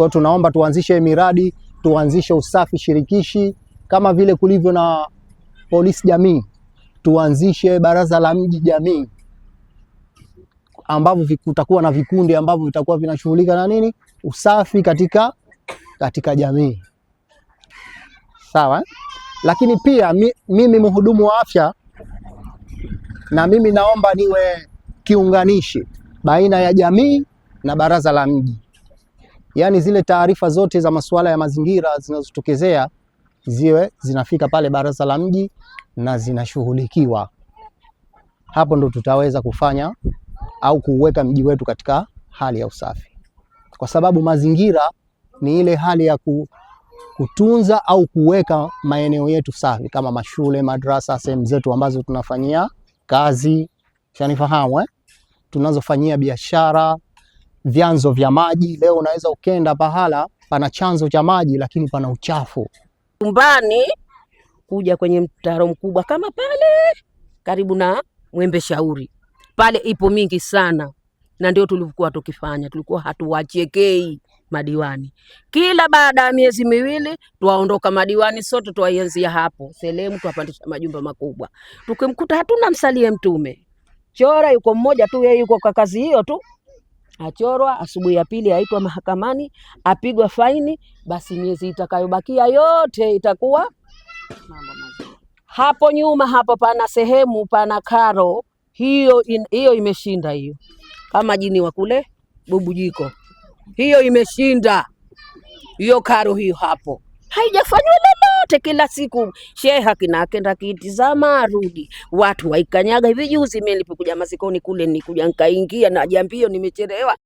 Kwa hiyo tunaomba tuanzishe miradi, tuanzishe usafi shirikishi kama vile kulivyo na polisi jamii, tuanzishe baraza la mji jamii, ambavyo kutakuwa na vikundi ambavyo vitakuwa vinashughulika na nini, usafi katika, katika jamii sawa. Eh? Lakini pia mi, mimi mhudumu wa afya na mimi naomba niwe kiunganishi baina ya jamii na baraza la mji yaani zile taarifa zote za masuala ya mazingira zinazotokezea ziwe zinafika pale baraza la mji na zinashughulikiwa. Hapo ndo tutaweza kufanya au kuweka mji wetu katika hali ya usafi, kwa sababu mazingira ni ile hali ya kutunza au kuweka maeneo yetu safi, kama mashule, madrasa, sehemu zetu ambazo tunafanyia kazi, shanifahamu eh, tunazofanyia biashara vyanzo vya maji. Leo unaweza ukenda pahala pana chanzo cha maji, lakini pana uchafu. Chumbani kuja kwenye mtaro mkubwa kama pale karibu na Mwembe Shauri pale, ipo mingi sana, na ndio tulikuwa tukifanya, tulikuwa hatuwachekei madiwani. Kila baada ya miezi miwili twaondoka madiwani sote, twaianzia hapo selemu, twapandisha majumba makubwa, tukimkuta hatuna msalie mtume. Chora yuko mmoja tu, yeye yuko kwa kazi hiyo tu achorwa, asubuhi ya pili aitwa mahakamani, apigwa faini, basi miezi itakayobakia yote itakuwa mambo mazuri. Hapo nyuma hapo pana sehemu pana karo hiyo in, hiyo imeshinda hiyo, kama jini wa kule bubujiko, hiyo imeshinda hiyo karo hiyo, hapo haijafanywa yote kila siku sheha kinakenda kitizama arudi. Watu waikanyaga hivi juzi, mimi nilipokuja mazikoni kule nikuja nkaingia na jambio nimechelewa.